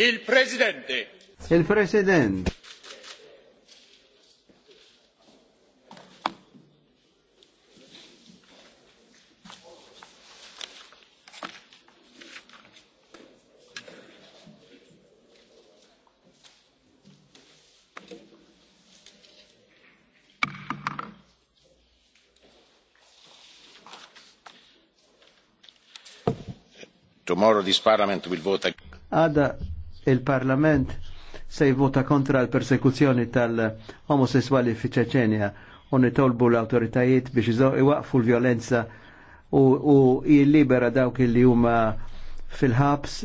Il-Presidente. Il-President. Tomorrow this parliament will vote again. Għada il-Parlament se jivvota kontra l-persekuzzjoni tal-omosessuali fi ċeċenja u nitolbu l-autoritajiet biex iwaqfu l-violenza u jillibera dawk li huma fil-ħabs